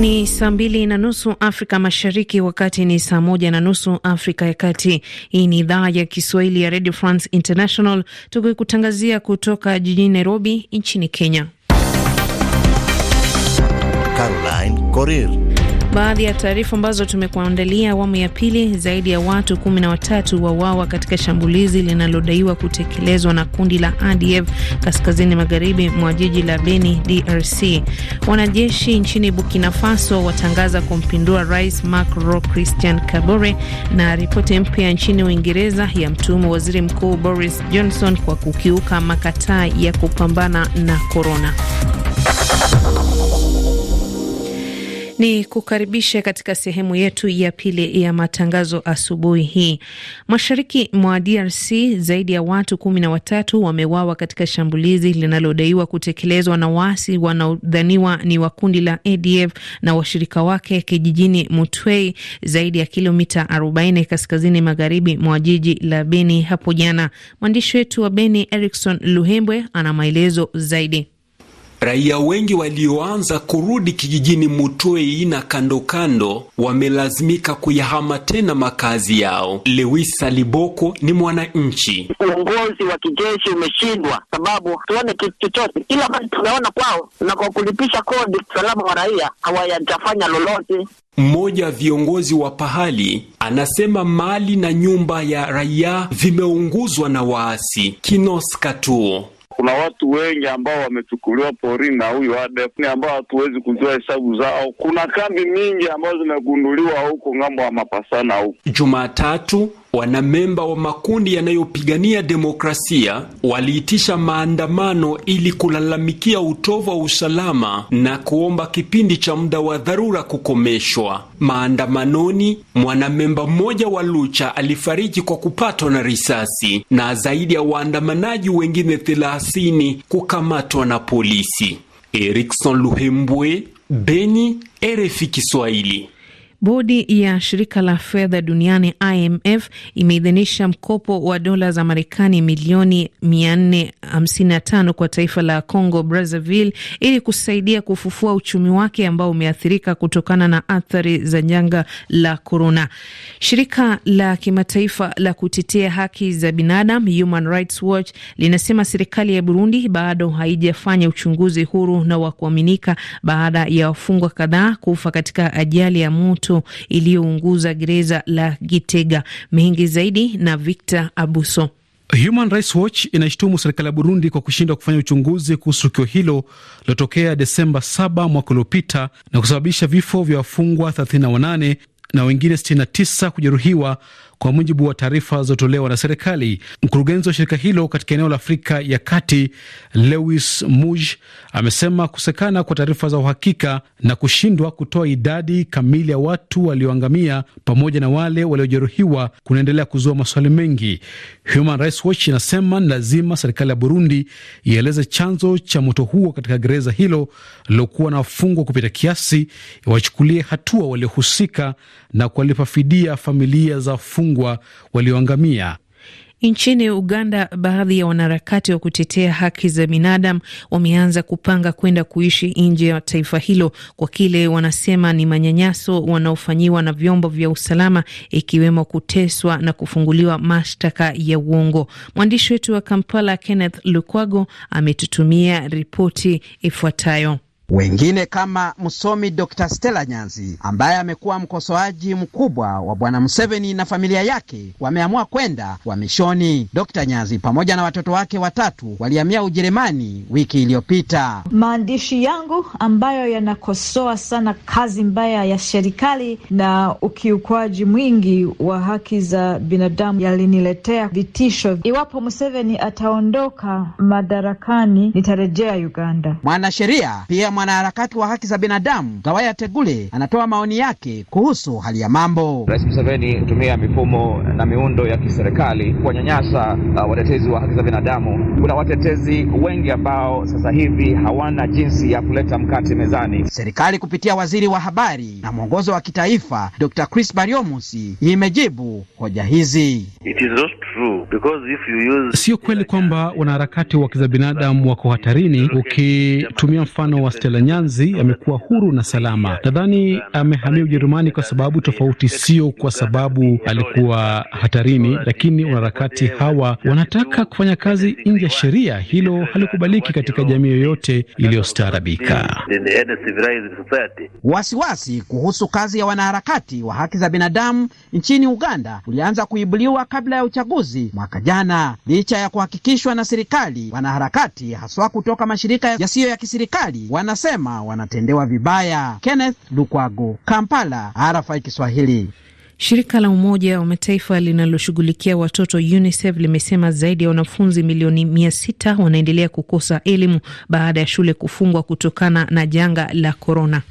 Ni saa mbili na nusu Afrika Mashariki, wakati ni saa moja na nusu Afrika ya Kati. Hii ni idhaa ya Kiswahili ya Radio France International, tukikutangazia kutoka jijini Nairobi nchini Kenya. Caroline Coril Baadhi ya taarifa ambazo tumekuandalia awamu ya pili: zaidi ya watu kumi na watatu wawawa katika shambulizi linalodaiwa kutekelezwa na kundi la ADF kaskazini magharibi mwa jiji la Beni, DRC. Wanajeshi nchini Burkina Faso watangaza kumpindua Rais Marc Roch Christian Kabore, na ripoti mpya nchini Uingereza ya mtuhumu waziri mkuu Boris Johnson kwa kukiuka makataa ya kupambana na korona. Ni kukaribisha katika sehemu yetu ya pili ya matangazo asubuhi hii. Mashariki mwa DRC, zaidi ya watu kumi na watatu wamewawa katika shambulizi linalodaiwa kutekelezwa na waasi wanaodhaniwa ni wa kundi la ADF na washirika wake kijijini Mutwei, zaidi ya kilomita 40 kaskazini magharibi mwa jiji la Beni hapo jana. Mwandishi wetu wa Beni Erikson Luhembwe ana maelezo zaidi. Raia wengi walioanza kurudi kijijini Mutoi na kando kando wamelazimika kuyahama tena makazi yao. Lewis Saliboko ni mwananchi. Uongozi wa kijeshi umeshindwa, sababu tuone kitu chochote, kila mali tunaona kwao na kwa kulipisha kodi, usalama wa raia hawajafanya lolote. Mmoja wa viongozi wa pahali anasema mali na nyumba ya raia vimeunguzwa na waasi. Kinos Katuo kuna watu wengi ambao wamechukuliwa porini na huyu ADF ambao hatuwezi kujua hesabu zao. Kuna kambi mingi ambazo zimegunduliwa huko ng'ambo ya mapasana huko Jumatatu Wanamemba wa makundi yanayopigania demokrasia waliitisha maandamano ili kulalamikia utovu wa usalama na kuomba kipindi cha muda wa dharura kukomeshwa. Maandamanoni, mwanamemba mmoja wa Lucha alifariki kwa kupatwa na risasi na zaidi ya waandamanaji wengine 30 kukamatwa na polisi. Erikson Luhembwe, Beni, RFI Kiswahili. Bodi ya shirika la fedha duniani IMF imeidhinisha mkopo wa dola za Marekani milioni 455 kwa taifa la Congo Brazzaville ili kusaidia kufufua uchumi wake ambao umeathirika kutokana na athari za janga la korona. Shirika la kimataifa la kutetea haki za binadam, Human Rights Watch linasema serikali ya Burundi bado haijafanya uchunguzi huru na wa kuaminika baada ya wafungwa kadhaa kufa katika ajali ya moto moto iliyounguza gereza la Gitega. Mengi zaidi na Victor Abuso. Human Rights Watch serikali ya Burundi kwa kushindwa kufanya uchunguzi kuhusu tukio hilo lilotokea Desemba 7 mwaka uliopita na kusababisha vifo vya wafungwa 38 na wengine 69 kujeruhiwa kwa mujibu wa taarifa zilizotolewa na serikali. Mkurugenzi wa shirika hilo katika eneo la Afrika ya Kati, Lewis Muj, amesema kusekana kwa taarifa za uhakika na kushindwa kutoa idadi kamili ya watu walioangamia pamoja na wale waliojeruhiwa kunaendelea kuzua maswali mengi. Human Rights Watch inasema ni lazima serikali ya Burundi ieleze chanzo cha moto huo katika gereza hilo lilokuwa na wafungwa kupita kiasi, iwachukulie hatua waliohusika na kuwalipa fidia familia za wafungwa wafungwa walioangamia. Nchini Uganda, baadhi ya wanaharakati wa kutetea haki za binadamu wameanza kupanga kwenda kuishi nje ya taifa hilo kwa kile wanasema ni manyanyaso wanaofanyiwa na vyombo vya usalama, ikiwemo kuteswa na kufunguliwa mashtaka ya uongo. Mwandishi wetu wa Kampala, Kenneth Lukwago, ametutumia ripoti ifuatayo. Wengine kama msomi Dr. Stella Nyanzi ambaye amekuwa mkosoaji mkubwa wa bwana Museveni na familia yake wameamua kwenda uhamishoni. Dr. Nyanzi pamoja na watoto wake watatu walihamia Ujerumani wiki iliyopita. Maandishi yangu ambayo yanakosoa sana kazi mbaya ya serikali na ukiukwaji mwingi wa haki za binadamu yaliniletea vitisho. Iwapo Museveni ataondoka madarakani, nitarejea Uganda. Mwanasheria pia mwanaharakati wa haki za binadamu Gawaya Tegule anatoa maoni yake kuhusu hali ya mambo. Rais Museveni hutumia mifumo na miundo ya kiserikali kuwanyanyasa uh, watetezi wa haki za binadamu. Kuna watetezi wengi ambao sasa hivi hawana jinsi ya kuleta mkate mezani. Serikali kupitia waziri wa habari na mwongozo wa kitaifa Dr. Chris Bariomusi imejibu hoja hizi. It is not true because if you use... sio kweli kwamba wanaharakati wa haki za binadamu wako hatarini. Ukitumia mfano wa lolote la Nyanzi amekuwa huru na salama. Nadhani amehamia Ujerumani kwa sababu tofauti, sio kwa sababu alikuwa hatarini, lakini wanaharakati hawa wanataka kufanya kazi nje ya sheria. Hilo halikubaliki katika jamii yoyote iliyostaarabika. Wasiwasi kuhusu kazi ya wanaharakati wa haki za binadamu nchini Uganda ulianza kuibuliwa kabla ya uchaguzi mwaka jana, licha ya kuhakikishwa na serikali. Wanaharakati haswa kutoka mashirika yasiyo ya kiserikali wana wanasema wanatendewa vibaya. Kenneth Lukwago, Kampala, RFI Kiswahili. Shirika la Umoja wa Mataifa linaloshughulikia watoto UNICEF limesema zaidi ya wanafunzi milioni mia sita wanaendelea kukosa elimu baada ya shule kufungwa kutokana na janga la korona.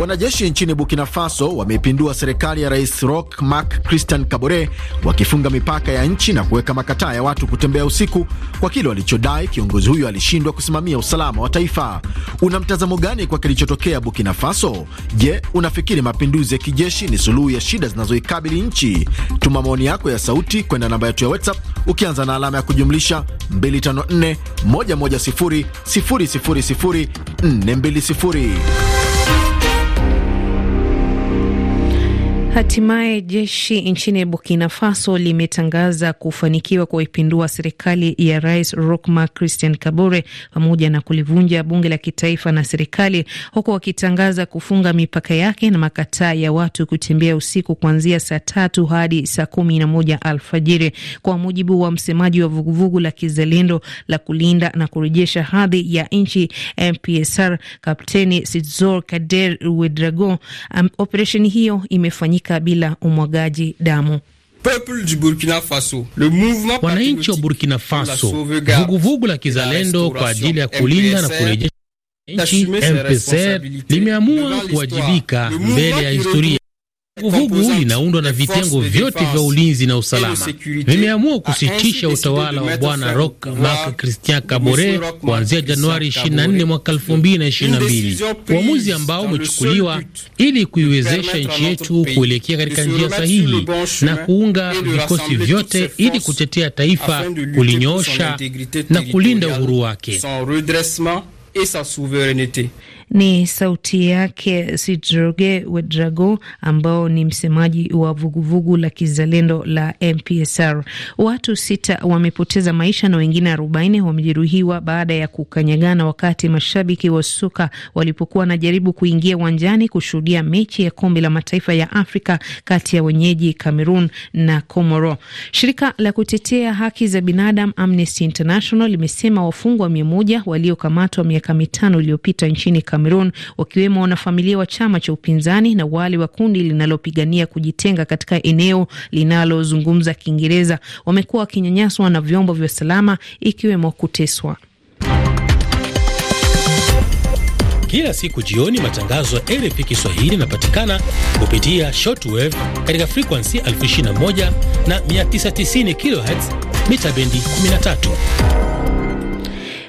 Wanajeshi nchini Burkina Faso wameipindua serikali ya Rais Roch Marc Christian Kabore, wakifunga mipaka ya nchi na kuweka makataa ya watu kutembea usiku kwa kile walichodai kiongozi huyo alishindwa kusimamia usalama wa taifa. Una mtazamo gani kwa kilichotokea Burkina Faso? Je, unafikiri mapinduzi ya kijeshi ni suluhu ya shida zinazoikabili nchi? Tuma maoni yako ya sauti kwenda namba yetu ya WhatsApp ukianza na alama ya kujumlisha 254 110 000 420. Hatimaye jeshi nchini Burkina Faso limetangaza kufanikiwa kuipindua serikali ya Rais Roch Marc Christian Kabore pamoja na kulivunja bunge la kitaifa na serikali, huku wakitangaza kufunga mipaka yake na makataa ya watu kutembea usiku kuanzia saa tatu hadi saa kumi na moja alfajiri, kwa mujibu wa msemaji wa vuguvugu la kizalendo la kulinda na kurejesha hadhi ya nchi MPSR, Kapteni Sizor Kader Wedragon, Um, operesheni hiyo imefanyika kufanyika bila umwagaji damu. Wananchi wa Burkina Faso, vuguvugu vugu la kizalendo kwa ajili ya kulinda na kurejesha nchi, MPC limeamua kuwajibika mbele ya historia. Vuguvugu huu linaundwa na vitengo vyote vya ulinzi na usalama. Vimeamua kusitisha utawala wa Bwana Roch Marc Christian Kabore kuanzia Januari 24 mwaka 2022, uamuzi ambao umechukuliwa ili kuiwezesha nchi yetu kuelekea katika njia sahihi na kuunga vikosi vyote ili kutetea taifa, kulinyoosha na kulinda uhuru wake. Ni sauti yake Sidroge Wedrago, ambao ni msemaji wa vuguvugu la kizalendo la MPSR. Watu sita wamepoteza maisha na wengine arobaini wamejeruhiwa baada ya kukanyagana wakati mashabiki wa soka walipokuwa wanajaribu kuingia uwanjani kushuhudia mechi ya kombe la mataifa ya Afrika kati ya wenyeji Cameroon na comoro Shirika la kutetea haki za binadamu Amnesty International limesema wafungwa mia moja waliokamatwa miaka mitano iliyopita nchini Cameroon Cameroon, wakiwemo wanafamilia wa chama cha upinzani na wale wa kundi linalopigania kujitenga katika eneo linalozungumza Kiingereza wamekuwa wakinyanyaswa na vyombo vya usalama ikiwemo kuteswa. Kila siku jioni matangazo ya RFI Kiswahili yanapatikana kupitia shortwave katika frekuensi 221 na 990 kHz mita bendi 13.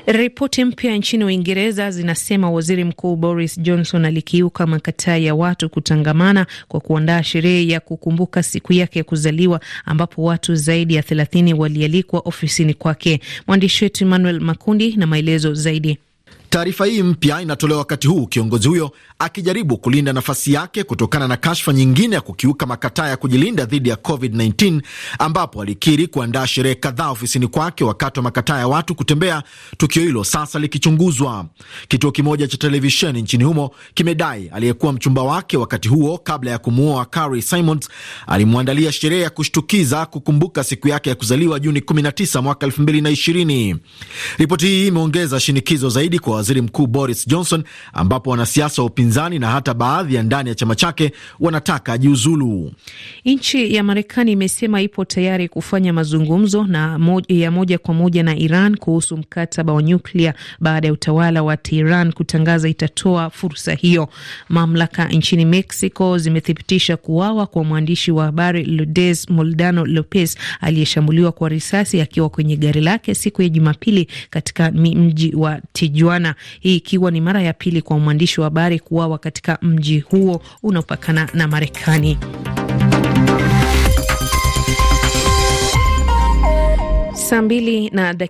Ripoti mpya nchini Uingereza zinasema waziri mkuu Boris Johnson alikiuka makataa ya watu kutangamana kwa kuandaa sherehe ya kukumbuka siku yake ya kuzaliwa, ambapo watu zaidi ya thelathini walialikwa ofisini kwake. Mwandishi wetu Emmanuel Makundi na maelezo zaidi. Taarifa hii mpya inatolewa wakati huu kiongozi huyo akijaribu kulinda nafasi yake kutokana na kashfa nyingine ya kukiuka makataa ya kujilinda dhidi ya COVID-19, ambapo alikiri kuandaa sherehe kadhaa ofisini kwake wakati wa makataa ya watu kutembea, tukio hilo sasa likichunguzwa. Kituo kimoja cha televisheni nchini humo kimedai aliyekuwa mchumba wake wakati huo, kabla ya kumuoa Carrie Simons, alimwandalia sherehe ya kushtukiza kukumbuka siku yake ya kuzaliwa Juni 19 mwaka 2020. Ripoti hii imeongeza shinikizo zaidi kwa waziri mkuu Boris Johnson, ambapo wanasiasa wa upinzani na hata baadhi ya ndani ya chama chake wanataka jiuzulu. Nchi ya Marekani imesema ipo tayari kufanya mazungumzo na moja, ya moja kwa moja na Iran kuhusu mkataba wa nyuklia baada ya utawala wa Tehran kutangaza itatoa fursa hiyo. Mamlaka nchini Mexico zimethibitisha kuwawa kwa mwandishi wa habari Lourdes Moldano Lopez aliyeshambuliwa kwa risasi akiwa kwenye gari lake siku ya Jumapili katika mji wa Tijuana jana, hii ikiwa ni mara ya pili kwa mwandishi wa habari kuuawa katika mji huo unaopakana na Marekani. Saa mbili na dakika